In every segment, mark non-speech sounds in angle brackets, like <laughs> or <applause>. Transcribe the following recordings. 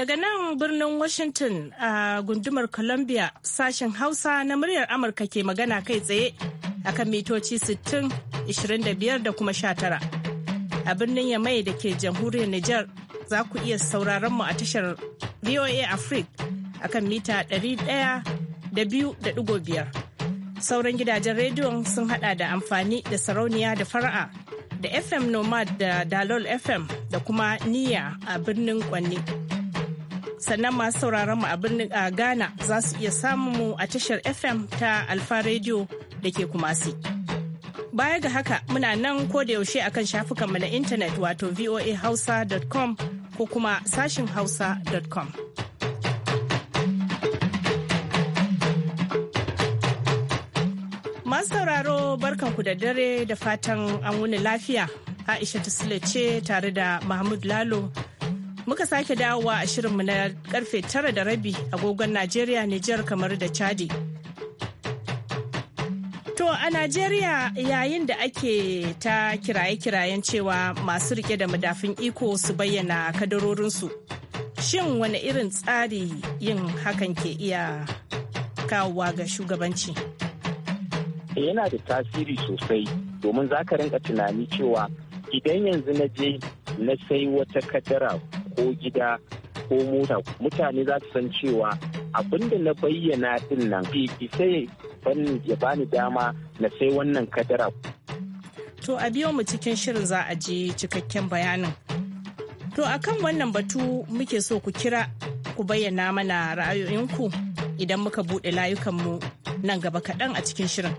Daga nan birnin Washington a gundumar Columbia sashen Hausa na muryar Amurka ke magana kai tsaye akan mitoci 60, 25 da kuma 19. A birnin Yamai da ke jamhuriyar Nijar za ku iya sauraron mu a tashar VOA Africa akan mita da 102.5. Sauran gidajen rediyon sun hada da amfani da sarauniya da fara'a da FM Nomad da Dalol FM da kuma Niyya a birnin Kwanne. sannan masu sauraron mu a birnin a Ghana za su iya samun mu a tashar FM ta Alfa Radio da ke Kumasi. Baya ga haka muna nan ko da yaushe akan shafukanmu na intanet wato voahausa.com ko kuma sashin hausa.com. Masu sauraro barkanku da dare da fatan an wuni lafiya. Aisha sule ce tare da Mahmud Lalo muka sake dawowa a shirinmu na karfe tara da rabi agogon Najeriya, Nijar kamar da Chadi. To a Najeriya yayin da ake ta kiraye-kirayen cewa masu rike da madafin iko su bayyana kadarorinsu. Shin wani irin tsari yin hakan ke iya kawowa ga shugabanci? Yana da tasiri sosai domin za ka rinka tunani cewa idan yanzu na je na sai wata kadara ko gida ko mota mutane za su san cewa abin da na bayyana din nan sai fannin ya bani dama na sai wannan kadara. To a biyo mu cikin shirin za a je cikakken bayanin. To a kan wannan batu muke so ku kira ku bayyana mana ra'ayoyinku idan muka buɗe layukanmu nan gaba kaɗan a cikin shirin.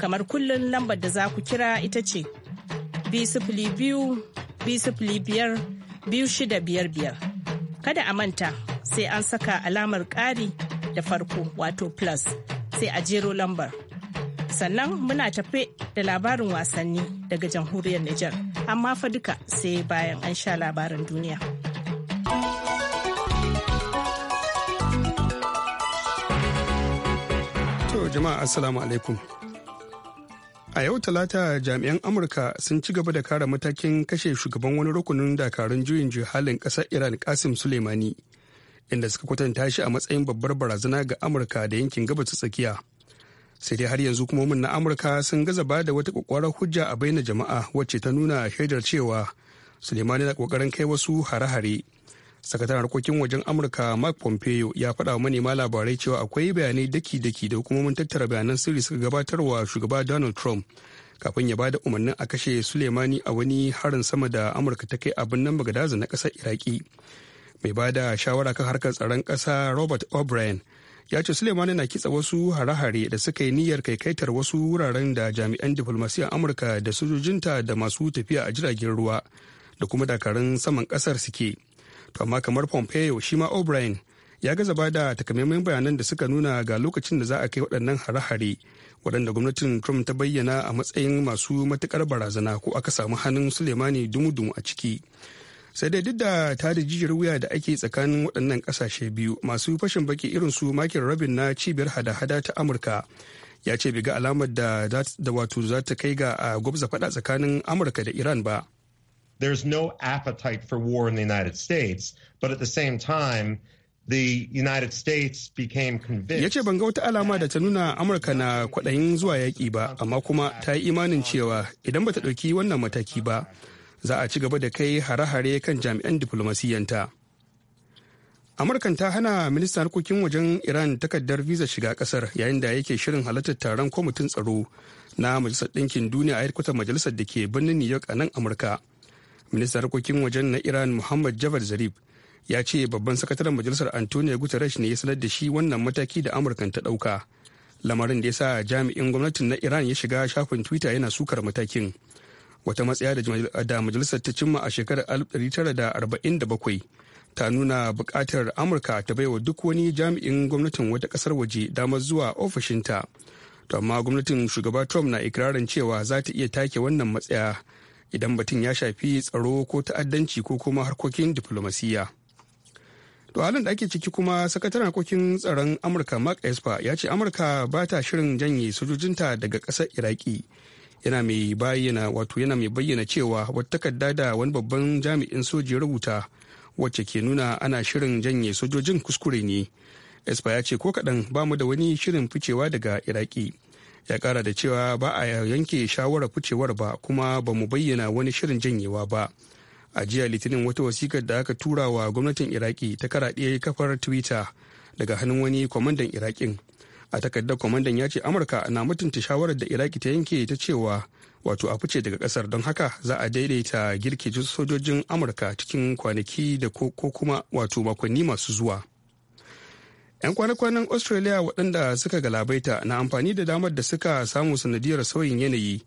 Kamar kullum lambar da za ku kira ita ce biyu biyar biyar Kada a manta sai an saka alamar ƙari da farko wato plus sai a jero lambar. Sannan muna tafe da labarin wasanni daga jamhuriyar Nijar, amma fa duka sai bayan an sha labarin duniya. To jama'a assalamu alaikum. a yau talata jami'an amurka sun ci gaba da kara matakin kashe shugaban wani rukunin dakarun juyin halin ƙasar iran kasim suleimani inda suka kwatanta shi a matsayin babbar barazana ga amurka da yankin gabas tsakiya sai dai har yanzu hukumomin na amurka sun gaza ba da wata kwakwarar hujja a bayyana jama'a wacce ta nuna shaidar cewa suleimani na kokarin kai wasu hare-hare sakataren harkokin wajen amurka mark pompeo ya faɗa wa manema labarai cewa akwai bayanai daki-daki da hukumomin tattara bayanan sirri suka gabatarwa shugaba donald trump kafin ya bada umarnin a kashe suleimani a wani harin sama da amurka ta kai abin nan bagadaza na ƙasar iraki mai bada shawara kan harkar tsaron ƙasa robert o'brien ya ce suleimani na kitsa wasu hare-hare da suka yi niyyar kaikaitar wasu wuraren da jami'an diflomasiyyar amurka da sojojinta da masu tafiya a jiragen ruwa da kuma dakarun saman ƙasar suke amma kamar pompeo shi ma o'brien ya gaza ba da takamaiman bayanan da suka nuna ga lokacin da za a kai waɗannan hare-hare waɗanda gwamnatin trump ta bayyana a matsayin masu matuƙar barazana ko aka samu hannun sulemani dumu-dumu a ciki sai dai duk da ta da jijiyar wuya da ake tsakanin waɗannan ƙasashe biyu masu fashin baki irin su makin rabin na cibiyar hada-hada ta amurka ya ce bai ga alamar da wato za ta kai ga a gwabza faɗa tsakanin amurka da iran ba There's no appetite for war in the United States, but at the same time, the United States became convinced. Ya ban ga wata alama da ta nuna Amurka na kwaɗayin zuwa yaƙi ba, amma kuma ta yi imanin cewa idan ba ta ɗauki wannan mataki ba, za a ci gaba da kai hare-hare kan jami'an ta. Amurkan ta hana ministan harkokin wajen Iran takardar visa shiga kasar yayin da yake shirin halartar taron kwamitin tsaro na Majalisar Ɗinkin Duniya a majalisar da ke birnin New York a nan Amurka. ministan harkokin wajen na iran muhammad javad zarif ya ce babban sakataren majalisar antonio guterres ne ya sanar da shi wannan mataki da amurkan ta dauka. lamarin da ya sa jami'in gwamnatin na iran ya shiga shafin twitter yana sukar matakin wata matsaya da majalisar ta cimma a shekarar 1947 ta nuna bukatar amurka ta baiwa duk wani jami'in gwamnatin wata kasar waje damar zuwa ofishinta to amma gwamnatin shugaba trump na ikirarin cewa za ta iya take wannan matsaya idan batun ya shafi tsaro ko ta'addanci ko kuma harkokin diflomasiyya. To halin da ake ciki kuma sakataren harkokin tsaron Amurka Mark Esper ya ce Amurka ba ta shirin janye sojojinta daga ƙasar Iraki. Yana mai bayyana wato yana mai bayyana cewa wata takarda da wani babban jami'in soji rubuta wacce ke nuna ana shirin janye sojojin kuskure ne. Esper ya ce ko kaɗan ba mu da wani shirin ficewa daga Iraki. ya kara da cewa ba a yanke shawarar ficewar ba kuma ba mu bayyana wani shirin janyewa ba a jiya litinin wata wasikar da aka tura wa gwamnatin iraki ta karaɗe kafar twitter daga hannun wani kwamandan irakin a takardar kwamandan ya ce amurka na mutunta shawarar da iraki ta yanke ta cewa wato a fice daga kasar don haka za a daidaita girke sojojin amurka cikin kwanaki da ko kuma wato makonni masu zuwa 'Yan kwana-kwanan Australia waɗanda suka galabaita na amfani da damar da suka samu sanadiyar sauyin yanayi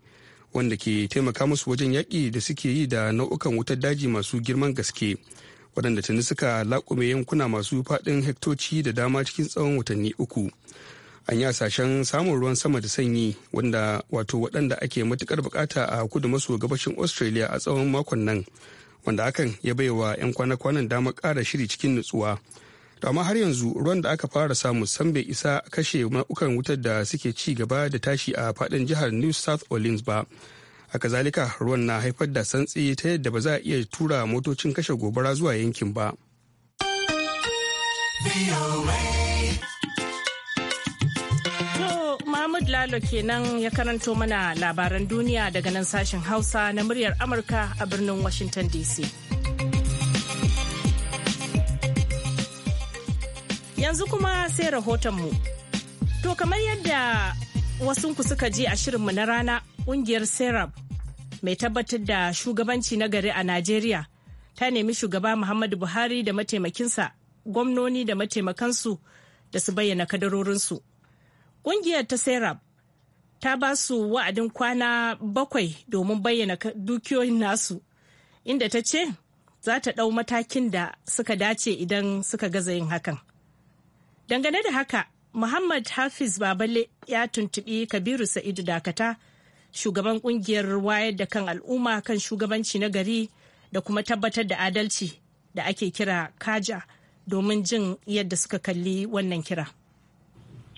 wanda ke taimaka musu wajen yaƙi da suke yi da nau'ukan wutar daji masu girman gaske waɗanda tuni suka laƙume yankuna masu faɗin hektoci da dama cikin tsawon watanni uku. An yi hasashen samun ruwan sama da sanyi wanda wato waɗanda ake matuƙar buƙata a kudu maso gabashin Australia a tsawon makon nan wanda hakan ya baiwa 'yan kwana-kwanan damar ƙara shiri cikin nutsuwa. to amma har yanzu ruwan da aka fara samu san bai isa kashe maukan wutar da suke ci gaba da tashi a fadin jihar new south orleans ba a kazalika ruwan na haifar da santsi ta yadda ba za a iya tura motocin kashe gobara zuwa yankin ba Mahmud Lalo kenan ya karanto mana labaran duniya daga nan sashen Hausa na muryar Amurka a birnin Washington DC. yanzu kuma sai rahotonmu. To kamar yadda wasunku suka ji a shirinmu na rana ƙungiyar Serap mai tabbatar da shugabanci na gari a Najeriya ta nemi shugaba Muhammadu Buhari da mataimakinsa gwamnoni da mataimakansu da su bayyana kadarorinsu. Ƙungiyar ta Serap ta ba su wa'adin kwana bakwai domin bayyana dukiyoyin nasu inda ta ce za ta ɗau matakin da suka dace idan suka gaza yin hakan. Dangane da haka, Muhammad Hafiz Baballe ya tuntubi Kabiru Sa'idu Dakata, shugaban kungiyar wayar da kan al'umma kan shugabanci na gari da kuma tabbatar da adalci da ake kira kaja domin jin yadda suka kalli wannan kira.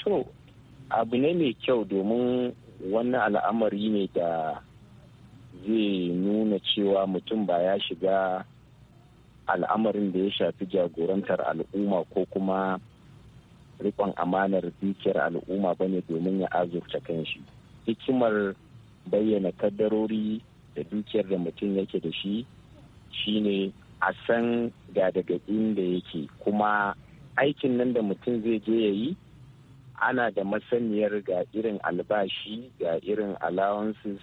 To, abu ne mai kyau domin wannan al'amari ne da zai nuna cewa mutum ba ya shiga al'amarin da ya shafi jagorantar al'umma ko kuma rikon amanar dukiyar al'umma ba ne domin ya azurta kanshi hikimar bayyana kaddarori da dukiyar da mutum yake da shi shine a san ga daga inda yake kuma aikin nan da mutum zai je ya yi ana da masaniyar ga irin albashi ga irin allowances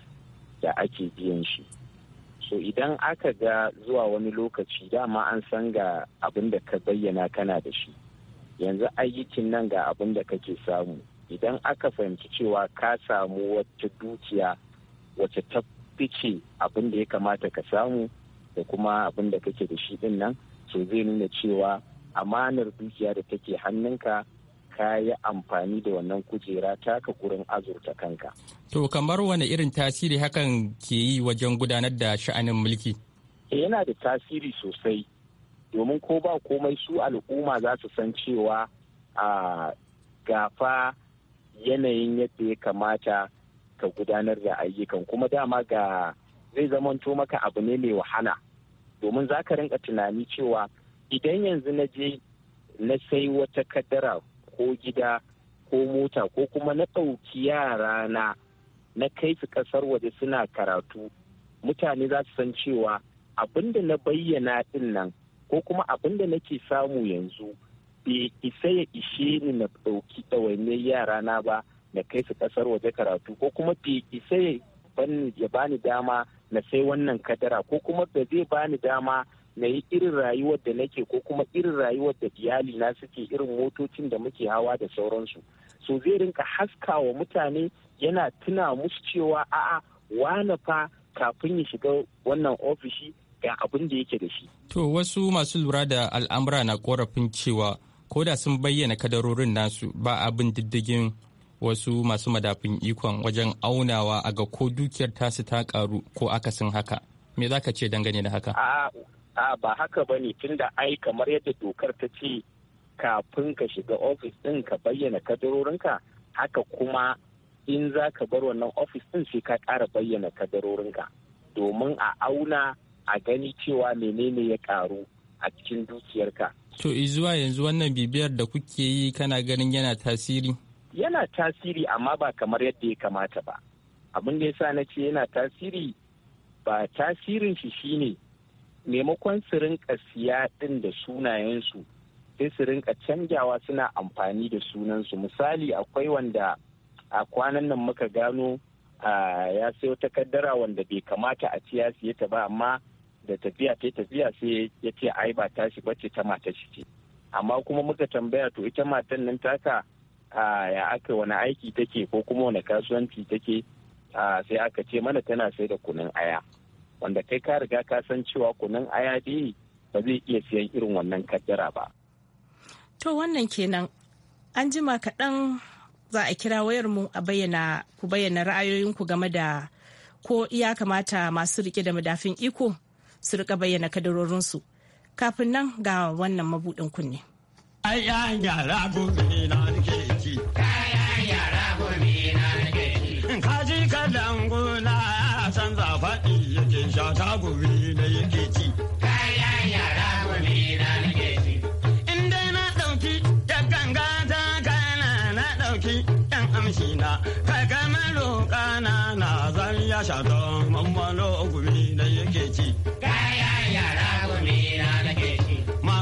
da ake biyan shi so idan aka ga zuwa wani lokaci dama an san ga abin da ka bayyana kana da shi yanzu ayyukin nan ga abin da kake samu idan aka fahimci cewa ka samu wata dukiya wacce ta fice abin da ya kamata ka samu da kuma abin da kake da shi din nan so zai nuna cewa amanar dukiya da take hannunka ka yi amfani da wannan kujera taka gurin azurta kanka. To kamar wani irin tasiri hakan ke yi wajen gudanar da sha'anin mulki? Eh, yana da tasiri sosai domin ko ba komai su al'umma za su san cewa a gafa yanayin yadda ya kamata ka gudanar da ayyukan kuma dama ga zai zamanto maka abu ne mai wahala domin za ka rinka tunani cewa idan yanzu na je na sai wata kadara ko gida ko mota ko kuma na ɗauki yara na na kai su ƙasar waje suna karatu mutane za su san cewa abin da na bayyana din nan ko kuma abin da nake samu yanzu bai isa ya ishe ni na ɗauki ɗawainiyar yara na ba na kai su ƙasar waje karatu ko kuma bai isa ya bani dama na sai wannan kadara ko kuma ba zai bani dama na yi irin rayuwar da nake ko kuma irin rayuwar da iyali na suke irin motocin da muke hawa da sauransu so zai rinka haska wa mutane yana tuna musu cewa a'a wane fa kafin ya shiga wannan ofishi ga abin da yake da shi. To wasu masu lura da al'amura na korafin cewa ko da sun bayyana kadarorin nasu ba abin diddigin wasu masu madafin ikon wajen aunawa a ga ko dukiyar tasu ta karu ko akasin haka. Me za ka ce dangane da haka? A ba haka ba ne tun da ai kamar yadda dokar ta ce kafin ka shiga ofis ɗin ka bayyana kadarorinka haka kuma in za ka bar wannan ofis ɗin sai ka ƙara bayyana kadarorinka domin a auna a gani cewa menene ya karu a cikin dukiyarka. To zuwa yanzu wannan bibiyar da kuke yi kana ganin yana tasiri? Yana tasiri amma ba kamar yadda ya kamata ba. Abin da ya sa na ce yana tasiri ba tasirin shi shine maimakon su rinka siya ɗin da sunayensu sai su rinka canjawa suna amfani da sunansu misali akwai wanda a kwanan nan muka gano ya sayo takaddara wanda bai kamata a ci ya ta ba amma da tafiya ta tafiya sai ya ce ai ba tashi bace ta mata shi ce amma kuma muka tambaya to ita matan nan taka ya aka wani aiki take ko kuma wani kasuwanci take sai aka ce mana tana sai da kunun aya wanda kai ka riga ka san cewa kunun aya dai ba zai iya siyan irin wannan kaddara ba to wannan kenan an jima kaɗan za a kira wayar mu a bayyana ku bayyana ra'ayoyinku game da ko iya kamata masu rike da madafin iko su rika bayyana kadarorinsu kafin nan ga wannan mabudin kunne. Ai yara gobe na ci. yara gobe na ci. Kaji kadan gona san faɗi yake sha ta gobe na yake ci. yara gobe na ci. In dai na ɗauki ta ganga ta kana na ɗauki yan amshi na. Kai kamar na na zan ya sha ta mamman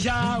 sha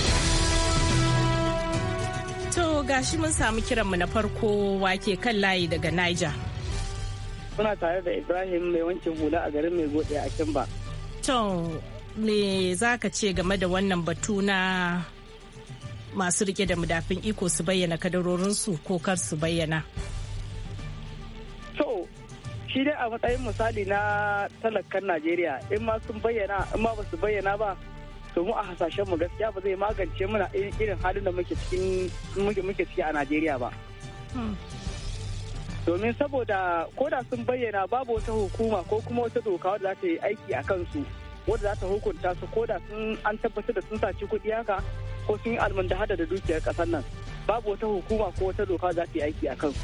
shi mun samu kiranmu na farko wake kan layi daga Niger. suna tare da Ibrahim mai wancin hula a garin mai gode a Kimba. To, me za ka ce game da wannan batu na masu rike da mudafin iko su bayyana kadarorinsu ko kar su bayyana? To, shi dai a matsayin misali na talakan Najeriya, in ma sun bayyana, in ma ba su bayyana ba, to mu a hasashen mu gaskiya ba zai magance muna irin halin da muke cikin muke ciki a Najeriya ba hmm. domin saboda ko da sun bayyana babu wata hukuma ko kuma wata doka wadda za ta yi aiki a kansu wadda za ta hukunta su ko da sun an tabbatar da sun saci kuɗi haka ko sun yi hada da dukiyar ƙasar nan babu wata hukuma ko wata doka za ta yi aiki a kansu.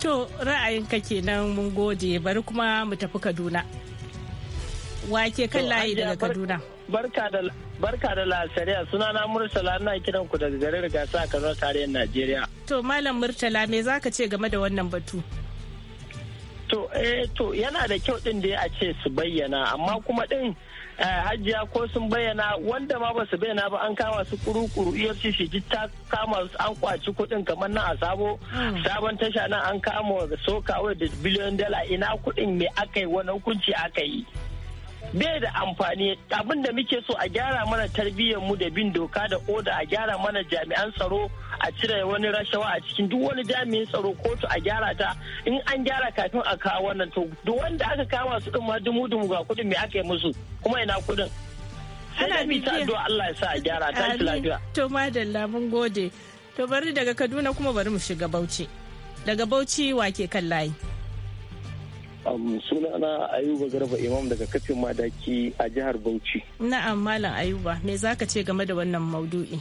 To ra'ayinka kenan mun gode bari kuma mu tafi Kaduna. Wake kan layi daga Kaduna. Barka da lasariya suna na Murtala na kiran ku daga garin gasa a Kano tarihin Najeriya. To Malam Murtala me za ka ce game da wannan batu? To eh to yana da kyau din da ya ce su bayyana amma kuma din eh, hajiya ko sun bayyana wanda ma ba su bayyana ba an kama su kuru-kuru shi ta kama su an kwaci kuɗin kamar nan a sabo hmm. sabon tasha nan an kama soka da biliyon dala ina kuɗin me aka yi wani hukunci aka yi. bai da amfani abin da muke so a gyara mana tarbiyyar mu da bin doka da oda a gyara mana jami'an tsaro a cire wani rashawa a cikin duk wani jami'in tsaro kotu a gyara ta in an gyara kafin a kawo wannan to duk wanda aka kama su din ma dumu dumu ga kudin me aka yi musu kuma ina kudin sai bi ta addu'a Allah ya sa a gyara ta lafiya to madalla mun gode to bari daga Kaduna kuma bari mu shiga Bauchi daga Bauchi wake kan layi sunana ayuba garba imam daga kafin madaki a jihar bauchi na'am malam ayuba me za ka ce game da wannan maudu'i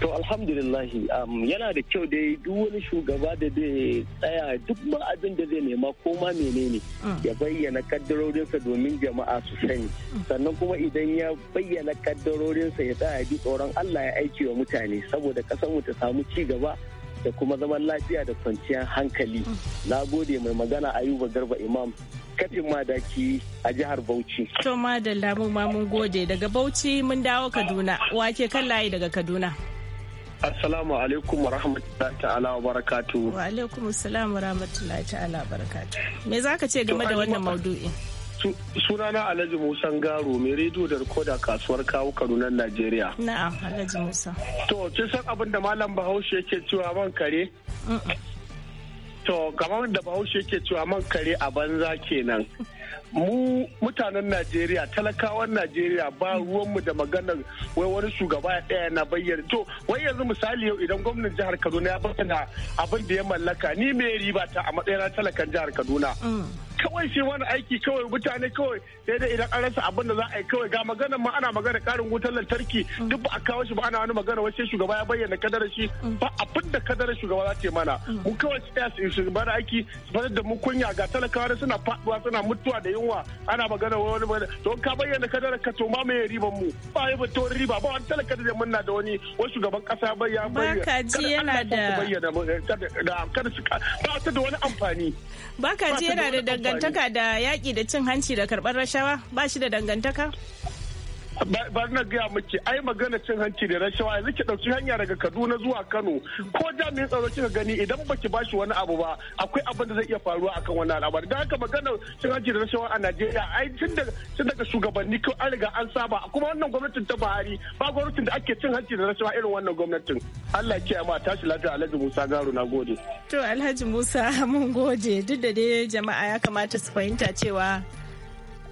to alhamdulillahi yana da kyau dai duk wani shugaba da zai tsaya duk ma abin da zai nema ko ma menene mm. ya bayyana kaddarorinsa domin jama'a su sani mm. sannan kuma idan ya bayyana kaddarorinsa ya tsaya bi tsoron allah ya aiki wa mutane saboda kasanmu ta samu ci gaba da kuma zaman lafiya da kwanciyar hankali na gode mai magana ayuba garba imam kafin madaki a jihar bauchi to madalla mu ma mun gode daga bauchi mun dawo kaduna wake kan layi daga kaduna assalamu alaikum wa rahmatullahi ta'ala wa barakatu wa alaikum assalam wa rahmatullahi ta'ala wa barakatu me zaka ce game da wannan maudu'in sunana alhaji musa garo mai rediyo da rikoda kasuwar kawo kaduna najeriya na'am alhaji musa to kin san abin da malam bahaushe yake cewa man kare to kamar da bahaushe yake cewa man kare a banza kenan mu mutanen najeriya talakawan najeriya ba ruwanmu da maganar wai wani shugaba ya ɗaya na bayyana to wai yanzu misali yau idan gwamnan jihar kaduna ya bayyana abin da ya mallaka ni mai riba ta a matsayin talakan jihar kaduna mm. kawai shi wani aiki kawai mutane kawai sai dai idan an rasa abin da za a yi kawai ga maganar ma ana magana karin wutar lantarki duk ba a kawo shi ba ana wani magana wace shugaba ya bayyana kadarar shi ba abin da kadarar shugaba za ta yi mana mu kawai tsaya su shugaba da aiki su da mu kunya ga talakawa suna faduwa suna mutuwa da yunwa ana magana wani ba to ka bayyana kadarar ka to ma me riba mu ba ya ba to riba ba wani talaka da na da wani wani shugaban kasa ba ya bayyana ba ji yana da eh, ba ta da wani amfani ba ka ji yana da dangane dangantaka da yaƙi da cin hanci da karɓar rashawa ba shi da dangantaka? bar na gaya miki ai magana cin hanci da rashawa yanzu ki dauki hanya daga Kaduna zuwa Kano ko jami'in tsaro kika gani idan baki bashi wani abu ba akwai abin da zai iya faruwa akan wannan al'amari da haka magana cin hanci da rashawa a Najeriya ai tun daga tun daga shugabanni ko an riga an saba kuma wannan gwamnatin ta Buhari ba gwamnatin da ake cin hanci da rashawa irin wannan gwamnatin Allah ya ma tashi lafiya Alhaji Musa Garu na gode to Alhaji Musa <laughs> mun gode duk da dai jama'a ya kamata su fahimta cewa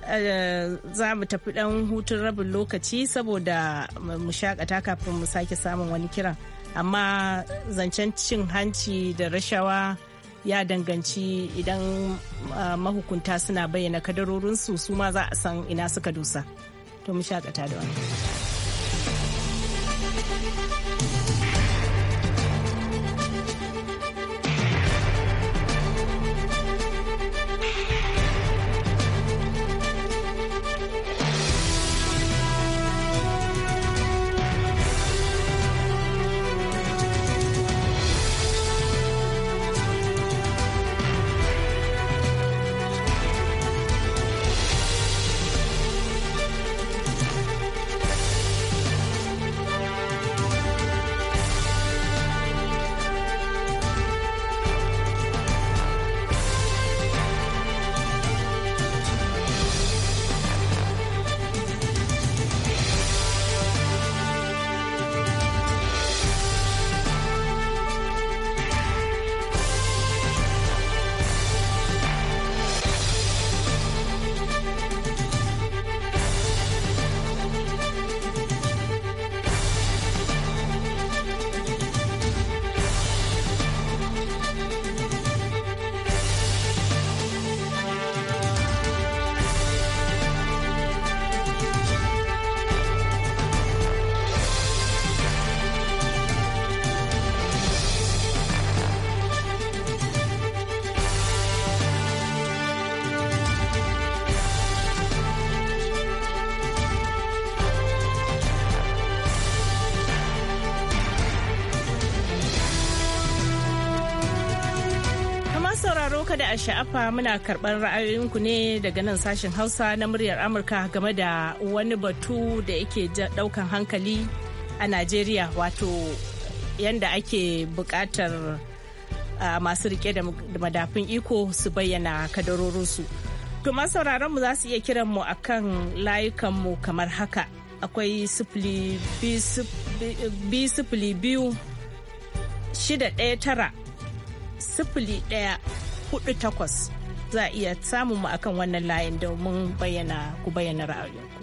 Eh, za mu tafi dan hutun rabin lokaci saboda mu shakata kafin mu sake samun wani kiran amma zancen cin hanci da rashawa ya danganci idan eh, mahukunta suna bayyana kadarorinsu su ma za a san ina suka dusa to mu shakata da wani a sha'afa muna karɓar ra'ayoyinku ne daga nan sashen Hausa na muryar Amurka game da wani batu da yake ɗaukan hankali a Najeriya wato yadda ake buƙatar masu rike da madafin iko su bayyana kadarorinsu. To sauraronmu mu za su iya kiranmu mu a kan layukanmu kamar haka akwai b bi sifili biyu shida ɗaya tara sifili ɗaya takwas za a iya samun mu akan wannan layin domin bayyana ku bayyana ra'ayinku.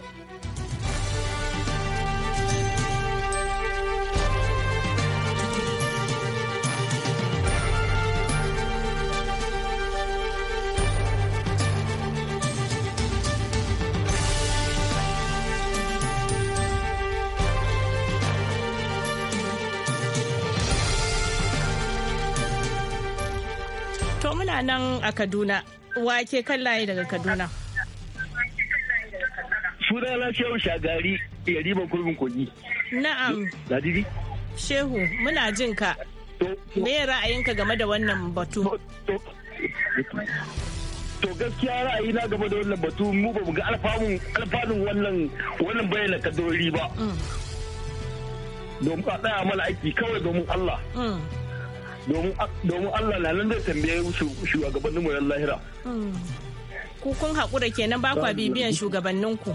nan a Kaduna. Wa ke layi daga Kaduna? Suna na Shehu Shagari, riba Kurbin Kogi. Na'am. Ladidi? Shehu, muna jin ka. Me ra'ayinka game da wannan batu? to gaskiya ra'ayi na game da wannan batu mu ba mu ga alfanun wannan wannan bayyana kadori ba. Mm. Domin a tsaya mana aiki kawai domin Allah. Mm. domin Allah na nan zai tambaye su shugabannin mu lahira. Hmm. Ku kun haƙura kenan ba kwa bibiyan shugabanninku.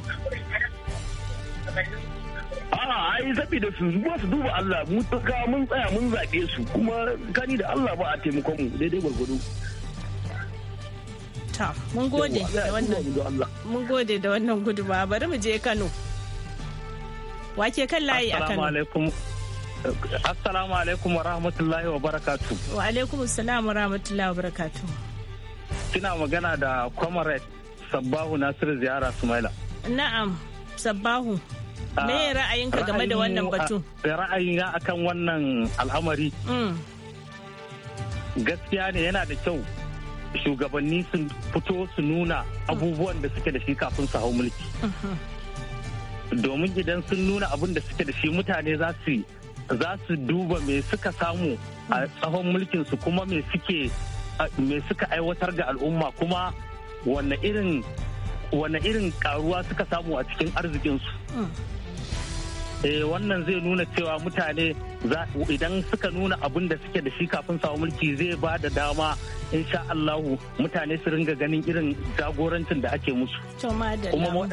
A'a ai da su zuwa su duba Allah mu tsaka mun tsaya mun zaɓe su kuma kani da Allah ba a taimakon mu daidai gwargwado. Ta mun gode da wannan mun gode da wannan gudunmawa bari mu je Kano. Wake kan layi a Kano. Assalamu alaikum. Assalamu alaikum wa rahmatullahi wa barakatu. Wa alaikum assalam wa rahmatullahi wa barakatu. Kina magana da Comrade Sabahu Nasir Ziyara Sumaila. Na'am, sabahu ah, Me ra'ayinka game da wannan batu? Ah, ra'ayina akan wannan al'amari. Mm. Gaskiya ne yana da kyau shugabanni sun fito su nuna mm. abubuwan da suke da shi kafin su hau mulki. Mm-hmm. Domin idan sun nuna abin da suke da shi mutane za su za su duba me suka samu a tsawon mulkinsu kuma me suke suka aiwatar ga al'umma kuma wanne irin karuwa suka samu a cikin arzikinsu hmm. eh wannan zai nuna cewa mutane idan suka nuna abin da suke da shi kafin samu mulki zai ba da dama insha Allahu mutane su ringa ganin irin jagorancin da ake musu kuma hmm.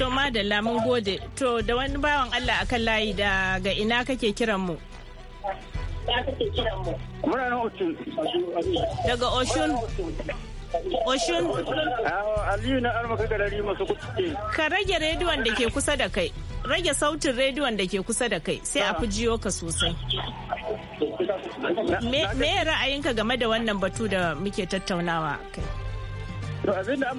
To madalla mun gode. To da wani bawan Allah akan layi daga ina kake kiran mu? Daga Oshun. Oshun. Aliyu na armaka garari masu Ka rage rediyon da ke kusa da kai. Rage sautin rediyon da ke kusa da kai sai a fi ka sosai. Me ra'ayinka game da wannan batu da muke tattaunawa kai? To abinda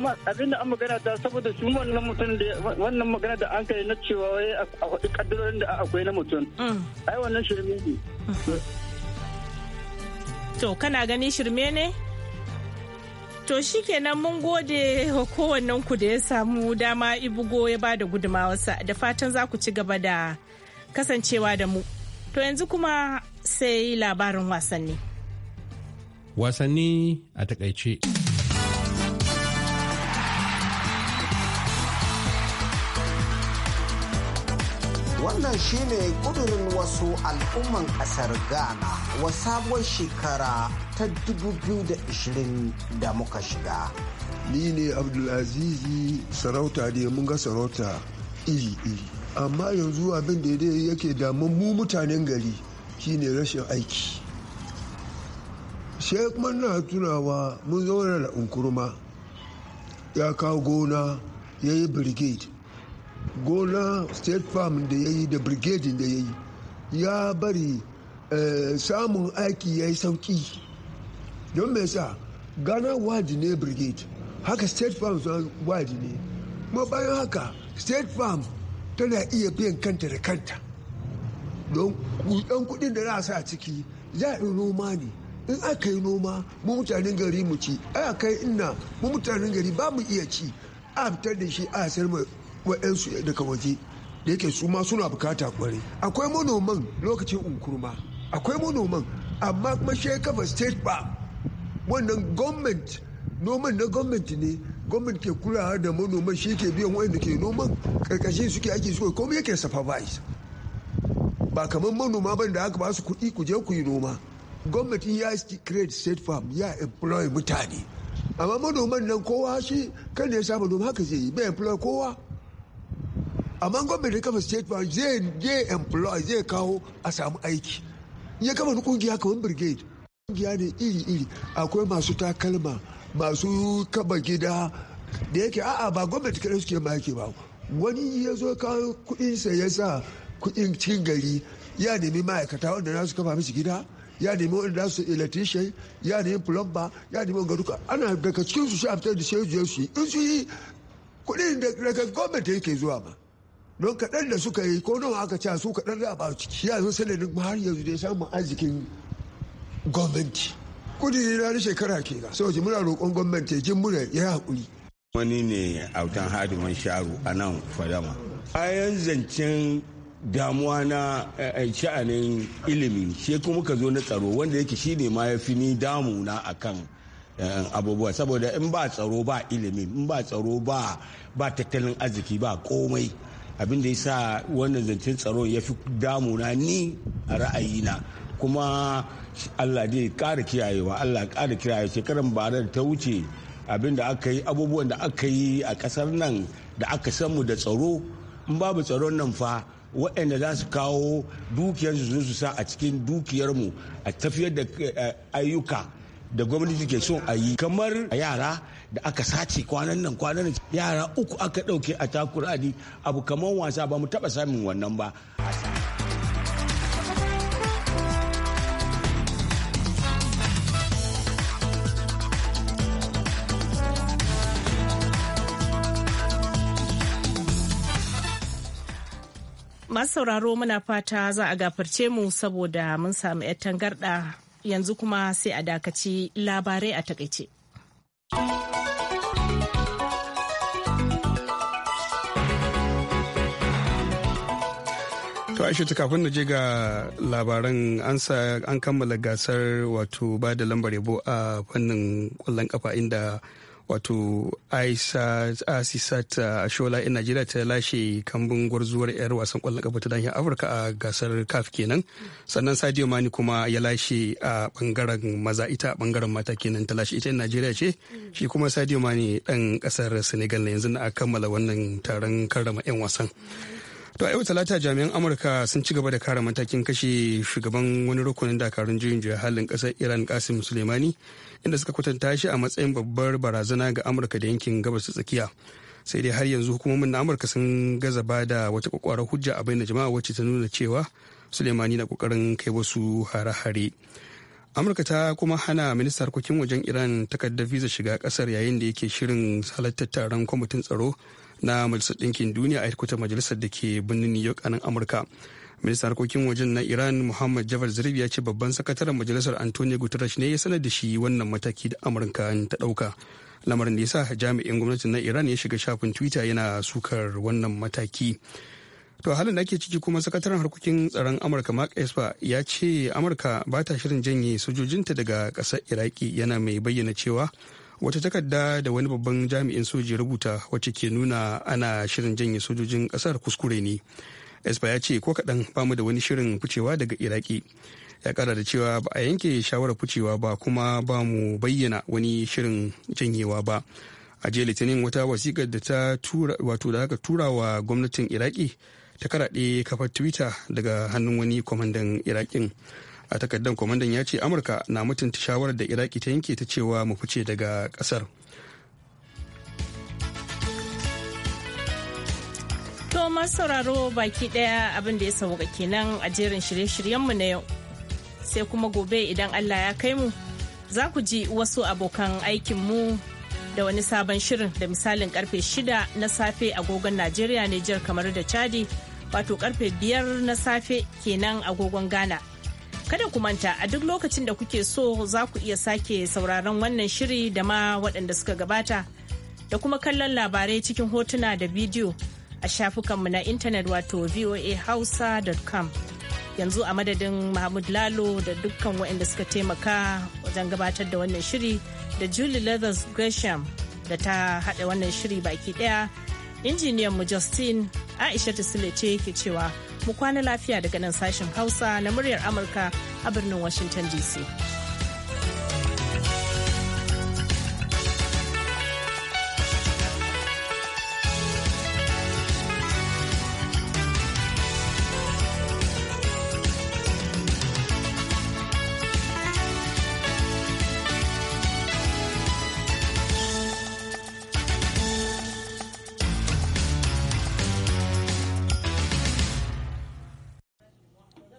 an magana ta saboda shi wannan mutum da wannan magana da an kai na cewa wai a kaddarorin da akwai na mutum. Mm. Ai wannan shirme ne. To kana gani shirme ne? To shi kenan mun gode wa kowannen ku da ya samu dama ibugo ya ba da gudumawarsa da fatan za ku ci gaba da kasancewa da mu. To yanzu kuma sai labarin wasanni. Wasanni a takaice. wannan shi ne kudurin wasu al'umman ƙasar ghana wa sabuwar shekara ta 2020 da muka shiga ni ne abdulazizi sarauta ne mun ga sarauta iri-iri amma yanzu abin da yake damun mu mutanen gari shi ne rashin aiki sai kuma na tunawa mun zauna da unkurma ya kawo gona ya yi brigade gona state farm da ya yi da brigadin da ya yi ya bari eh, samun aiki ya yi sauki don mai sa ghana wadi ne brigade haka state farm wadi ne kuma bayan haka state farm tana iya biyan kanta da kanta don kudin kudin da za a sa ciki za a noma ne in aka yi noma mu mutanen gari mu ci aka yi ina mu mutanen gari ba mu iya ci a fitar da shi a sayar wa'yansu daga waje da yake su ma suna bukata kwarai akwai manoman lokacin unkurma akwai manoman amma kuma shi state ba wannan government noman na gwamnati ne gwamnati ke kulawa da manoman shi ke biyan da ke noman karkashin suke ake suke komai yake supervise ba kamar manoma ban da aka ba su kuɗi ku je ku yi noma gwamnati ya create state farm ya employ mutane amma manoman nan kowa shi kan ya saba noma haka zai yi bai employ kowa amma gwamnati kafa state bank zai je employ zai kawo a samu aiki ya kama ni kungiya kamar brigade kungiya ne iri-iri akwai masu takalma masu kaba gida da yake a'a ba gwamnati kaɗai suke yake ba wani ya zo kawo kuɗinsa ya sa kuɗin cikin gari ya nemi ma'aikata wanda za su kafa mishi gida ya nemi wanda za su electrician ya nemi plumber ya nemi wanga duka ana daga cikin su sha fitar da sai su in su yi kuɗin daga gwamnati yake zuwa ba don kadan da suka yi ko nawa aka cewa su kadan da ba ciki ya zo sanadin har yanzu dai samun arzikin gwamnati kudi na shekara ke ga muna roƙon gwamnati jin muna ya haƙuri wani ne autan hadiman sharu a nan fadama bayan zancen damuwa na eh, eh, sha'anin ilimi shi kuma ka zo na tsaro wanda yake shi ne ma ya fi ni damuna akan eh, abubuwa saboda in ba tsaro ba ilimi in ba tsaro ba tattalin arziki ba komai abin da ya sa wannan zancen tsaro ya fi damuna ni a ra'ayina kuma allah dai kara kiyayewa allah kara kiyaye shekaran bara da ta wuce abin da aka yi abubuwan da aka yi a kasar nan da aka san mu da tsaro in babu tsaron nan fa waɗanda za su kawo dukiyarsu su sa a cikin dukiyar mu a tafiyar da eh, ayyuka da gwamnati ke son a yi kamar yara da aka sace kwanan nan kwanan nan yara uku aka ɗauke a takurani abu kamar wasa ba mu taɓa samun wannan ba. masu sauraro muna fata za a gafarce mu saboda mun samu 'yar tangarɗa yanzu kuma sai a dakaci labarai a takaice. aisha ta kafin na je ga labaran an kammala gasar wato ba da lambar yabo a fannin kwallon kafa inda wato aisa asisat shola in najeriya ta lashe kambun gwarzuwar yar wasan kwallon kafa ta nahiyar afirka a gasar kaf kenan sannan sadio mani kuma ya lashe a bangaren maza ita a bangaren mata kenan ta lashe ita in najeriya ce shi kuma sadio mani dan kasar senegal na yanzu na kammala wannan taron karrama yan wasan To a yau talata jami'an Amurka sun ci gaba da kare matakin kashe shugaban wani rukunin dakarun juyin juya halin kasar Iran Qasim Suleimani inda suka kwatanta shi a matsayin babbar barazana ga Amurka da yankin gabas ta tsakiya. Sai dai har yanzu hukumomin na Amurka sun gaza ba da wata kwakwarar hujja a bayyana jama'a wacce ta nuna cewa sulemani na kokarin kai wasu hare-hare. Amurka ta kuma hana ministar harkokin wajen Iran takardar visa shiga kasar yayin da yake shirin halartar taron kwamitin tsaro na majalisar ɗinkin duniya a hirkutar majalisar da ke birnin new york a nan amurka ministan harkokin wajen na iran muhammad javad zarif ya ce babban sakataren majalisar antonio guterres ne ya sanar da shi wannan mataki da amurka ta ɗauka lamarin da ya sa jami'in gwamnatin na iran ya shiga shafin twitter yana sukar wannan mataki to halin da ake ciki kuma sakataren harkokin tsaron amurka mark esper ya ce amurka ba ta shirin janye sojojinta daga ƙasar iraki yana mai bayyana cewa wata takarda da wani babban jami'in soji rubuta wacce ke nuna ana shirin janye sojojin kasar kuskure ne espa ya ce ko kadan ba mu da wani shirin ficewa daga iraki ya kara da cewa ba a yanke shawarar ficewa ba kuma ba mu bayyana wani shirin janyewa ba a jiya litinin wata wasikar da ta tura wato da aka tura wa gwamnatin iraki ta karaɗe kafar twitter daga hannun wani kwamandan irakin a takardar kwamandan ya ce amurka na mutunta shawarar da iraki ta yanke ta cewa mu fice daga kasar to sauraro baki daya abin da ya sauka kenan a jerin shirye-shiryenmu na yau sai kuma gobe idan allah ya kai mu za ku ji wasu abokan aikinmu da wani sabon shirin da misalin karfe 6 na safe agogon najeriya nijar kamar da chadi wato karfe 5 na safe kenan agogon ghana Kada ku manta a duk lokacin da kuke so za ku iya sake sauraron wannan shiri da ma waɗanda suka gabata da kuma kallon labarai cikin hotuna da bidiyo a shafukanmu na intanet wato voahausa.com. Yanzu a madadin Mahmud Lalo da dukkan waɗanda suka taimaka wajen gabatar da wannan shiri da Julie Leathers Gresham da ta haɗa wannan shiri baki ɗaya. injiniyan mu justin. Aisha ta Sule ce ke cewa mu kwana lafiya daga nan sashen Hausa na muryar Amurka a birnin Washington DC.